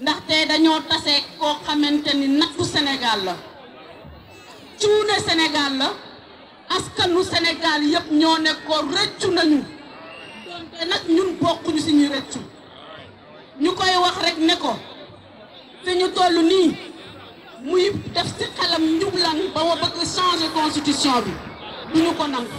ndaxte dañoo tase koo xamante ni nattu Sénégal la cuune Sénégal la askanu Sénégal yëpp ñoo ne rëccu nañu donte nag ñun bokkuñu si ñuy rëccu ñu koy wax rek ne ko fi ñu toll nii muy def si xelam njublan ba ma bëgg changer constitution bi du ko nangu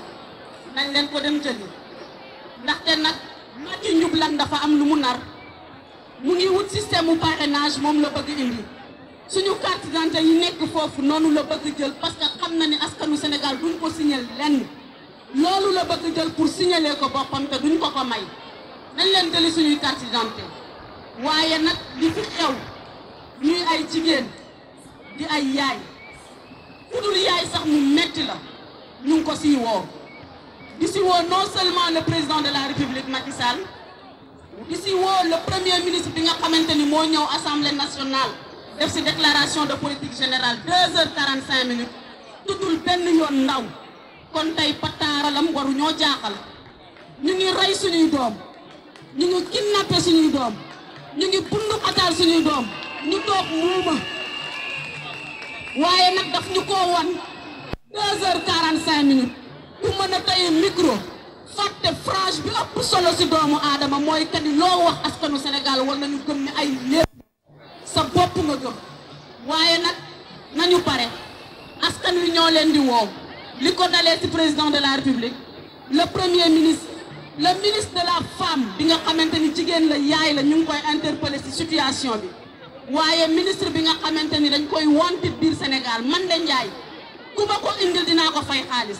nañ leen ko dem jëli ndaxte nag Macky Njublan dafa am lu mu nar mu ngi wut système mu moom la bëgg indi suñu carte d'identité yi nekk foofu noonu la bëgg jël parce que xam na ni askanu senegal duñ ko signal lenn loolu la bëgg jël pour signaler ko boppam te duñ ko ko may nañ leen jëli suñuy carte d'identité waaye nag li fi xew ñuy ay jigéen di ay yaay ku dul yaay sax mu metti la ñu ngi ko siy woo Ici, non seulement le président de la république Macky Sall ici le premier ministre qui a xamante à l'Assemblée nationale de ses déclarations de politique générale 2h45, cinq minutes nous ndaw kon nous waru ñoo nous ngi suñuy doom nous ngi suñuy doom ngi nous suñuy doom ñu nous minutes mën a tey micro fàtte franche bi ëpp solo si doomu aadama mooy que ni loo wax askanu Sénégal war nañu gëm ne ay lépp sa bopp nga gëm waaye nag nañu pare askan wi ñoo leen di woow li ko dalee si président de la république le premier ministre la ministre de la femme bi nga xamante ni jigéen la yaay la ñu ngi koy interpellé si situation bi waaye ministre bi nga xamante ni dañ koy wantit biir Sénégal man de Ndiaye ku ma ko indil dinaa ko fay xaalis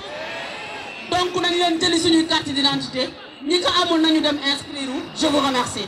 donc une leen jëli une carte d'identité ñi ko nous nañu dem inscrire je vous remercie